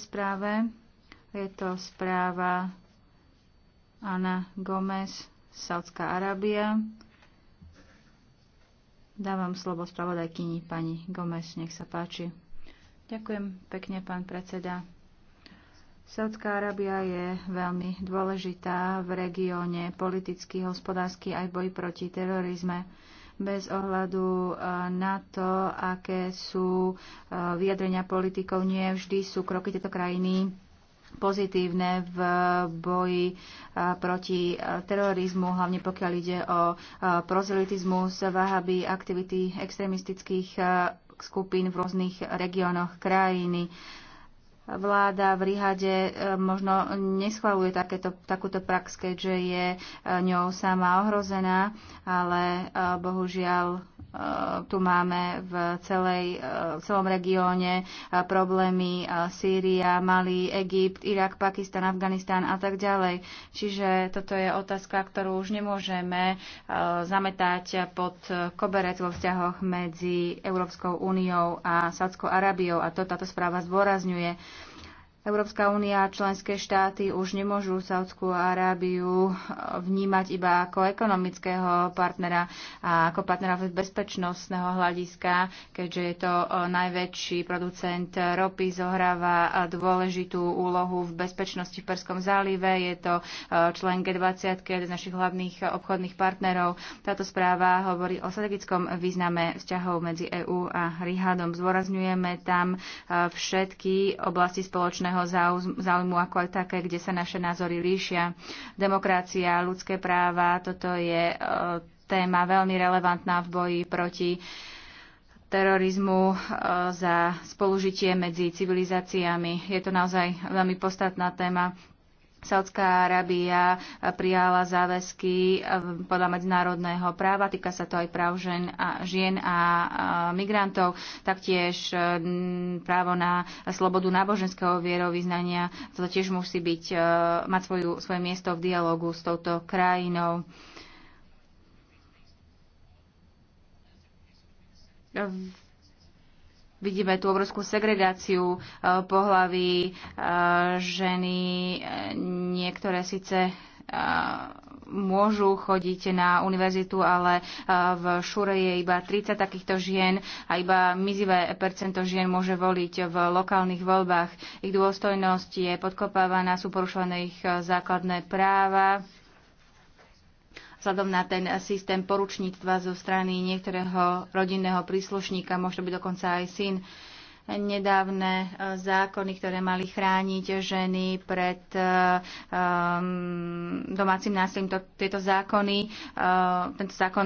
správe. Je to správa Ana Gomez, Saudská Arábia. Dávam slovo spravodajkyni pani Gomez, nech sa páči. Ďakujem pekne, pán predseda. Saudská Arábia je veľmi dôležitá v regióne politicky, hospodársky aj boj proti terorizme bez ohľadu eh, na to, aké sú eh, vyjadrenia politikov. Nie vždy sú kroky tejto krajiny pozitívne v eh, boji proti terorizmu, hlavne pokiaľ ide o prozelitizmus, váhaby, aktivity extrémistických skupín v rôznych regiónoch krajiny vláda v Rihade e, možno neschvaluje takéto, takúto prax, keďže je e, ňou sama ohrozená, ale e, bohužiaľ tu máme v celej, v celom regióne problémy Sýria, Mali, Egypt, Irak, Pakistan, Afganistán a tak ďalej. Čiže toto je otázka, ktorú už nemôžeme zametať pod koberec vo vzťahoch medzi Európskou úniou a Sádskou Arabiou a to táto správa zdôrazňuje Európska únia a členské štáty už nemôžu Saudskú Arábiu eh, vnímať iba ako ekonomického partnera a ako partnera z bezpečnostného hľadiska, keďže je to eh, najväčší producent ropy, zohráva eh, dôležitú úlohu v bezpečnosti v Perskom zálive, je to člen G20, jeden z našich hlavných obchodných partnerov. Táto správa hovorí o strategickom význame vzťahov medzi EÚ a Rihadom. Zvorazňujeme tam všetky oblasti spoločného spoločného záujmu, ako aj také, kde sa naše názory líšia. Demokracia, ľudské práva, toto je e, téma veľmi relevantná v boji proti terorizmu e, za spolužitie medzi civilizáciami. Je to naozaj veľmi podstatná téma. Saudská Arábia prijala záväzky eh, podľa medzinárodného práva, týka sa to aj práv žen a, žien a migrantov, taktiež eh, právo na slobodu náboženského vierovýznania, to tiež musí byť, eh, mať svoju, svoje miesto v dialogu s touto krajinou. V Vidíme tú obrovskú segregáciu e, pohlaví. E, ženy e, niektoré síce môžu chodiť na univerzitu, ale v Šure je iba 30 takýchto žien a iba mizivé percento žien môže voliť v lokálnych voľbách. Ich dôstojnosť je podkopávaná, sú porušované ich základné práva vzhľadom na ten systém poručníctva zo strany niektorého rodinného príslušníka, možno by dokonca aj syn nedávne e, zákony, ktoré mali chrániť ženy pred e, um, domácim násilím. To, tieto zákony, uh, tento zákon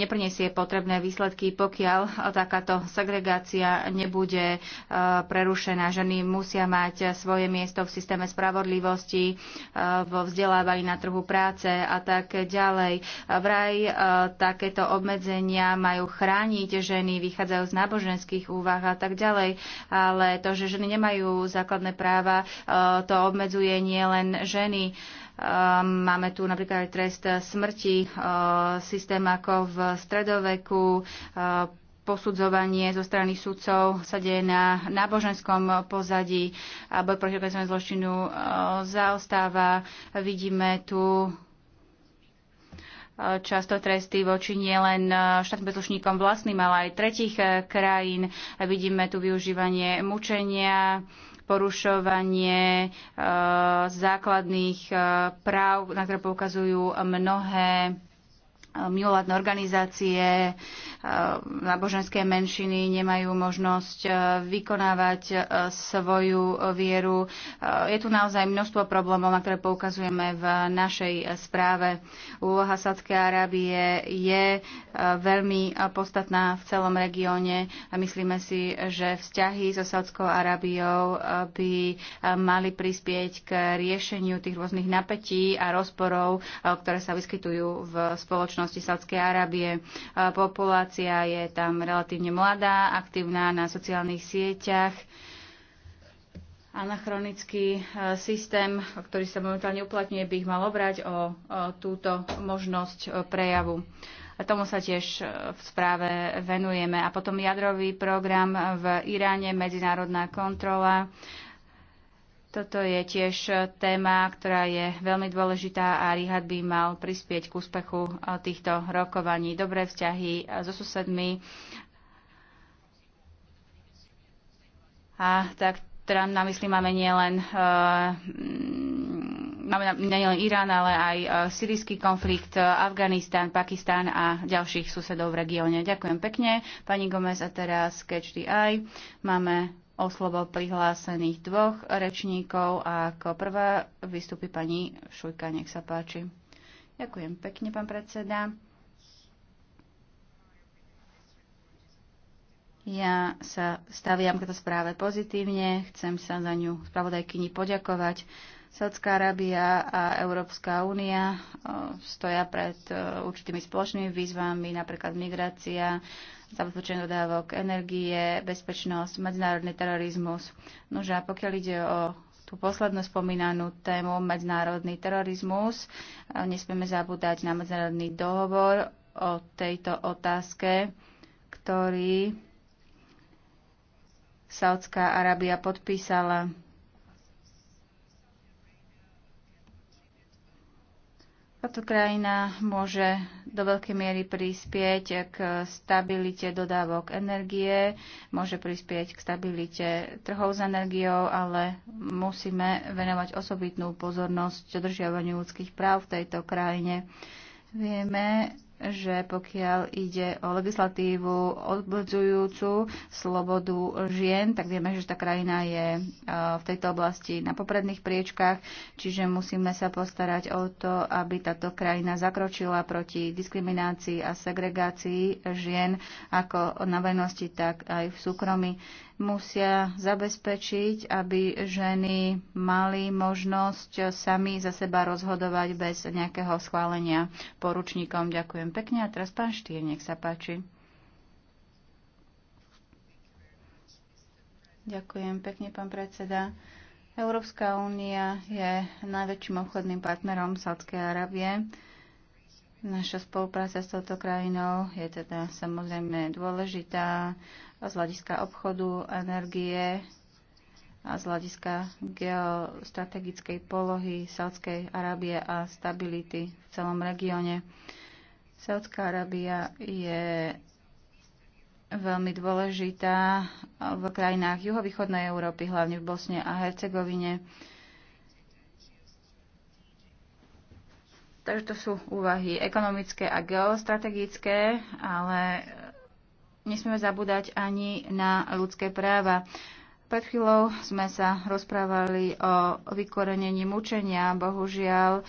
nepriniesie potrebné výsledky, pokiaľ takáto segregácia nebude uh, prerušená. Ženy musia mať svoje miesto v systéme spravodlivosti, uh, vo vzdelávaní na trhu práce a tak ďalej. Vraj uh, takéto obmedzenia majú chrániť ženy, vychádzajú z náboženských úvah a tak ďalej ale to, že ženy nemajú základné práva, e, to obmedzuje nielen ženy. E, máme tu napríklad aj trest smrti, e, systém ako v stredoveku, posudzovanie zo strany sudcov sa deje na náboženskom pozadí a boj proti organizovanému zločinu zaostáva. Vidíme tu často tresty voči nielen e, štátnym bezlušníkom vlastným, ale aj tretich e, krajín. Vidíme tu využívanie mučenia, porušovanie e, základných práv, na ktoré poukazujú mnohé mimovládne organizácie, e, náboženské menšiny nemajú možnosť e, vykonávať e, svoju vieru. Je tu naozaj množstvo problémov, na ktoré poukazujeme v našej správe. Úloha Sádskej Arábie je veľmi podstatná v celom regióne a myslíme si, že vzťahy so Sádskou Arábiou by mali prispieť k riešeniu tých rôznych napätí a rozporov, ktoré sa vyskytujú v spoločnosti spoločnosti Sádskej Arábie. E, populácia je tam relatívne mladá, aktívna na sociálnych sieťach anachronický e, systém, ktorý sa momentálne uplatňuje, by ich mal obrať o túto možnosť e, prejavu. A tomu sa tiež v správe venujeme. A potom jadrový program v Iráne, medzinárodná kontrola. Toto je tiež e, téma, ktorá je veľmi dôležitá a Rihad by mal prispieť k úspechu e, týchto rokovaní. Dobré vzťahy e, so susedmi a tak teda na mysli máme nielen uh, máme nielen Irán, ale aj uh, syrijský konflikt, uh, Afganistán, Pakistán a ďalších susedov v regióne. Ďakujem pekne. Pani Gomez a teraz Catch the Eye. Máme o slovo prihlásených dvoch rečníkov a ako prvá vystúpi pani Šujka, nech sa páči. Ďakujem pekne, pán predseda. Ja sa staviam k to správe pozitívne, chcem sa za ňu spravodajkyni poďakovať. Sádzka Arábia a Európska únia eh, stoja pred eh, určitými spoločnými výzvami, napríklad migrácia, zabezpečenie dodávok energie, bezpečnosť, medzinárodný terorizmus. Nože a pokiaľ ide o tú poslednú spomínanú tému medzinárodný terorizmus, eh, nesmieme zabúdať na medzinárodný dohovor o tejto otázke, ktorý Saudská Arábia podpísala Táto krajina môže do veľkej miery prispieť k stabilite dodávok energie, môže prispieť k stabilite trhov s energiou, ale musíme venovať osobitnú pozornosť dodržiavaniu ľudských práv v tejto krajine. Vieme, že pokiaľ ide o legislatívu odbledzujúcu slobodu žien, tak vieme, že tá krajina je e, v tejto oblasti na popredných priečkách, čiže musíme sa postarať o to, aby táto krajina zakročila proti diskriminácii a segregácii žien ako na vernosti, tak aj v súkromí musia zabezpečiť, aby ženy mali možnosť sami za seba rozhodovať bez nejakého schválenia poručníkom. Ďakujem pekne. A teraz pán Štýr, nech sa páči. Ďakujem pekne, pán predseda. Európska únia je najväčším obchodným partnerom Sádskej Arábie. Naša spolupráca s touto krajinou je teda samozrejme dôležitá z hľadiska obchodu, energie a z hľadiska geostrategickej polohy Sádskej Arábie a stability v celom regióne. Sádska Arábia je veľmi dôležitá v krajinách juhovýchodnej Európy, hlavne v Bosne a Hercegovine. Takže to sú úvahy ekonomické a geostrategické, ale nesmieme zabúdať ani na ľudské práva. Pred chvíľou sme sa rozprávali o vykorenení mučenia. Bohužiaľ,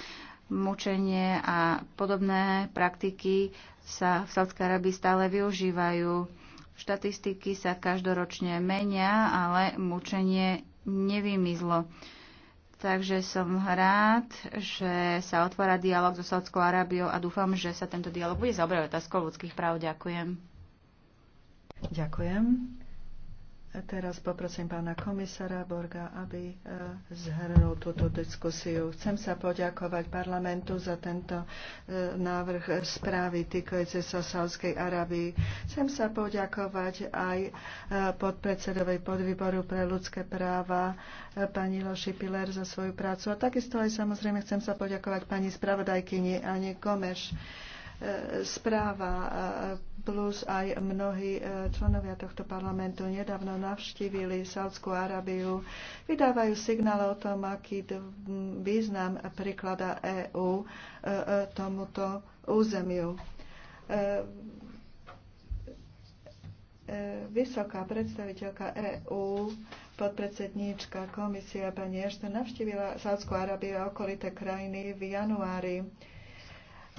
mučenie a podobné praktiky sa v Sádskej Arabii stále využívajú. Štatistiky sa každoročne menia, ale mučenie nevymizlo. Takže som rád, že sa otvára dialog so Saudskou Arábiou a dúfam, že sa tento dialog bude zaoberať otázkou ľudských práv. Ďakujem. Ďakujem. Teraz poprosím pána komisára Borga, aby e, zhrnul túto diskusiu. Chcem sa poďakovať parlamentu za tento e, návrh správy týkajúce sa Sávskej Arabii. Chcem sa poďakovať aj e, podpredsedovej podvýboru pre ľudské práva pani Loši Piler za svoju prácu a takisto aj samozrejme chcem sa poďakovať pani spravodajkyni ani Gomeš správa e, plus aj mnohí e, členovia tohto parlamentu nedávno navštívili Sádskú Arábiu, vydávajú signály o tom, aký význam priklada EÚ e, tomuto územiu. Vysoká predstaviteľka EÚ podpredsedníčka komisie pani Ešte navštívila Sádskú Arábiu a okolité krajiny v januári.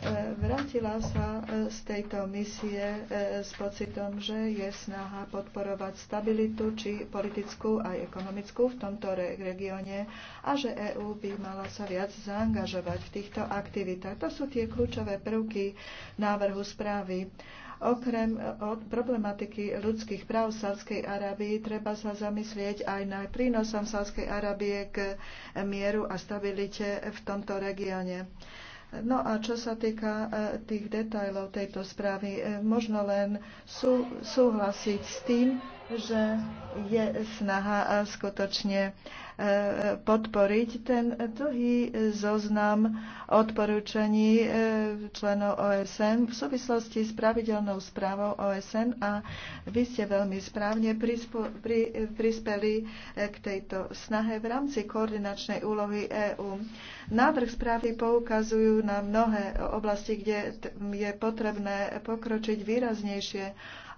E, vrátila sa e, z tejto misie e, s pocitom, že je snaha podporovať stabilitu, či politickú aj ekonomickú v tomto regióne a že EÚ by mala sa viac zaangažovať v týchto aktivitách. To sú tie kľúčové prvky návrhu správy. Okrem od problematiky ľudských práv Sávskej Arábii treba sa zamyslieť aj na prínosom Sávskej Arábie k mieru a stabilite v tomto regióne. No a čo sa týka e, tých detajlov tejto správy, e, možno len sú, súhlasiť s tým, že je snaha skutočne e, podporiť ten dlhý zoznam odporúčaní e, členov OSN v súvislosti s pravidelnou správou OSN a vy ste veľmi správne prispeli e, k tejto snahe v rámci koordinačnej úlohy EÚ. Návrh správy poukazujú na mnohé oblasti, kde je potrebné pokročiť výraznejšie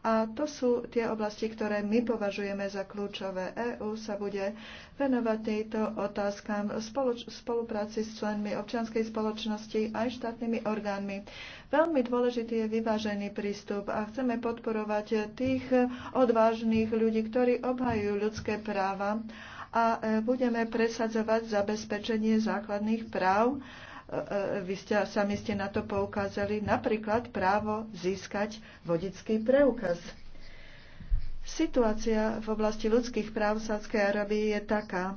a to sú tie oblasti, ktoré my považujeme za kľúčové. EÚ sa bude venovať týmto otázkam v spolupráci s členmi občianskej spoločnosti aj štátnymi orgánmi. Veľmi dôležitý je vyvážený prístup a chceme podporovať tých odvážnych ľudí, ktorí obhajujú ľudské práva a budeme presadzovať zabezpečenie základných práv E, e, vy ste, sami ste na to poukázali, napríklad právo získať vodický preukaz. Situácia v oblasti ľudských práv v Sádskej Arabii je taká. E,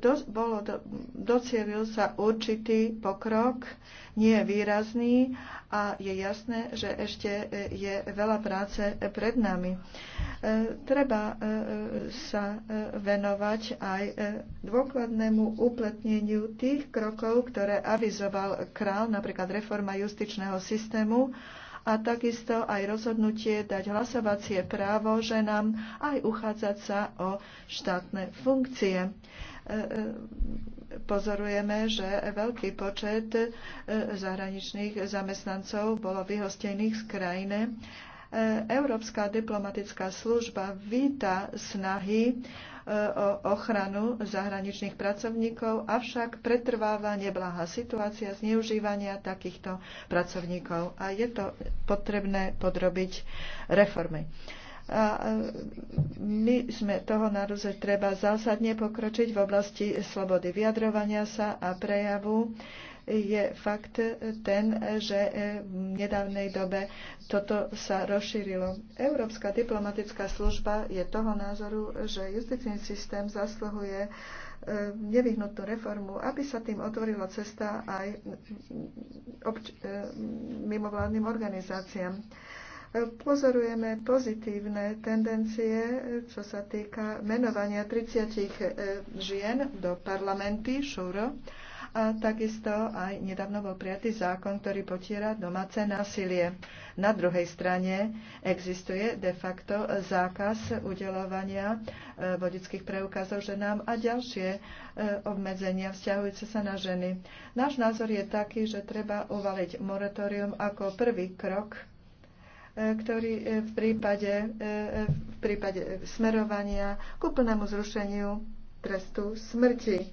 do, bolo, do, docielil sa určitý pokrok, nie je výrazný a je jasné, že ešte je veľa práce pred nami. E, treba e, sa e, venovať aj dôkladnému uplatneniu tých krokov, ktoré avizoval král, napríklad reforma justičného systému a takisto aj rozhodnutie dať hlasovacie právo ženám aj uchádzať sa o štátne funkcie pozorujeme, že veľký počet zahraničných zamestnancov bolo vyhostených z krajiny Európska diplomatická služba víta snahy e, o ochranu zahraničných pracovníkov, avšak pretrváva neblahá situácia zneužívania takýchto pracovníkov a je to potrebné podrobiť reformy a e, my sme toho naruze treba zásadne pokročiť v oblasti slobody vyjadrovania sa a prejavu. Je fakt ten, že e, v nedávnej dobe toto sa rozšírilo. Európska diplomatická služba je toho názoru, že justičný systém zasluhuje e, nevyhnutnú reformu, aby sa tým otvorila cesta aj obč- mimovládnym organizáciám pozorujeme pozitívne tendencie, čo sa týka menovania 30 e, žien do parlamenty Šuro a takisto aj nedávno bol prijatý zákon, ktorý potiera domáce násilie. Na druhej strane existuje de facto zákaz udelovania e, vodických preukazov ženám a ďalšie e, obmedzenia vzťahujúce sa na ženy. Náš názor je taký, že treba uvaliť moratórium ako prvý krok E, ktorý e, v prípade, e, v prípade smerovania k úplnému zrušeniu trestu smrti.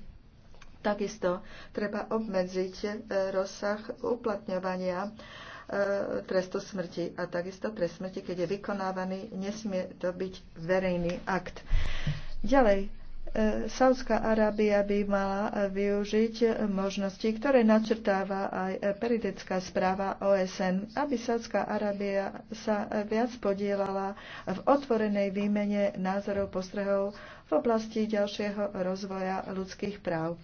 Takisto treba obmedziť rozsah uplatňovania trestu smrti a takisto trest smrti, keď je vykonávaný, nesmie to byť verejný akt. Ďalej, E, Saudská Arábia by mala využiť možnosti, ktoré načrtáva aj periodická správa OSN, aby Saudská Arábia sa viac podielala v otvorenej výmene názorov postrehov v oblasti ďalšieho rozvoja ľudských práv.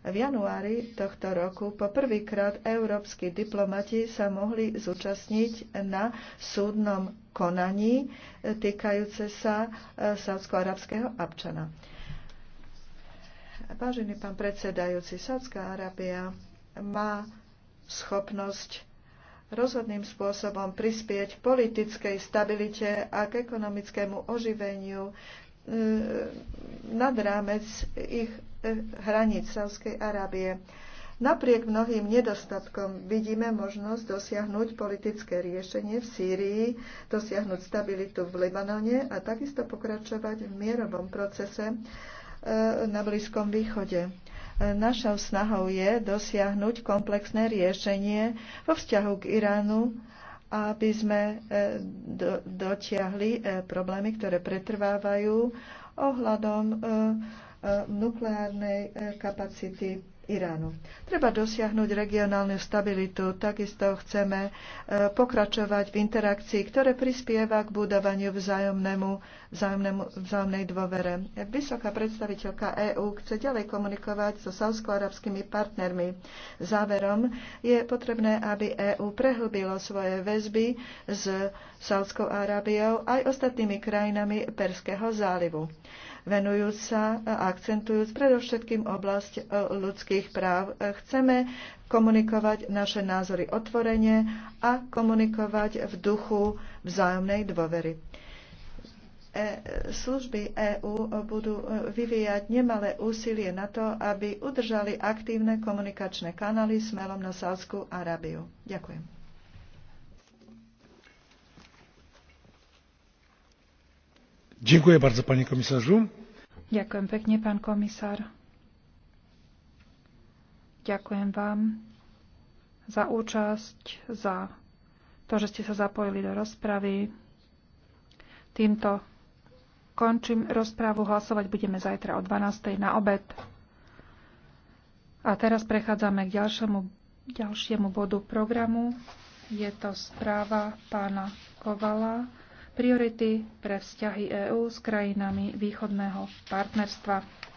V januári tohto roku poprvýkrát európsky diplomati sa mohli zúčastniť na súdnom konaní týkajúce sa e, saudsko-arabského občana. Vážený pán predsedajúci, Sádzka Arábia má schopnosť rozhodným spôsobom prispieť politickej stabilite a k ekonomickému oživeniu e, nad rámec ich e, hraníc Sávskej Arábie. Napriek mnohým nedostatkom vidíme možnosť dosiahnuť politické riešenie v Sýrii, dosiahnuť stabilitu v Libanone a takisto pokračovať v mierovom procese E, na Blízkom východe. E, našou snahou je dosiahnuť komplexné riešenie vo vzťahu k Iránu, aby sme e, dotiahli problémy, ktoré pretrvávajú ohľadom nukleárnej e, kapacity Iránu. Treba dosiahnuť regionálnu stabilitu, takisto chceme e, pokračovať v interakcii, ktoré prispieva k budovaniu vzájomnému, vzájomnému, vzájomnej dôvere. Vysoká predstaviteľka EÚ chce ďalej komunikovať so saúsko-arabskými partnermi. Záverom je potrebné, aby EÚ prehlbilo svoje väzby s Saudskou Arábiou aj ostatnými krajinami Perského zálivu. Venujú sa a akcentujúc predovšetkým oblasť e, ľudských práv. E, chceme komunikovať naše názory otvorene a komunikovať v duchu vzájomnej dôvery. E, služby EÚ budú vyvíjať nemalé úsilie na to, aby udržali aktívne komunikačné kanály smelom na Sávskú Arábiu. Ďakujem. Ďakujem bardzo, pani komisarzu. Ďakujem pekne, pán komisár. Ďakujem vám za účasť, za to, že ste sa zapojili do rozpravy. Týmto končím rozprávu. Hlasovať budeme zajtra o 12.00 na obed. A teraz prechádzame k ďalšiemu, ďalšiemu bodu programu. Je to správa pána Kovala priority pre vzťahy EÚ s krajinami východného partnerstva.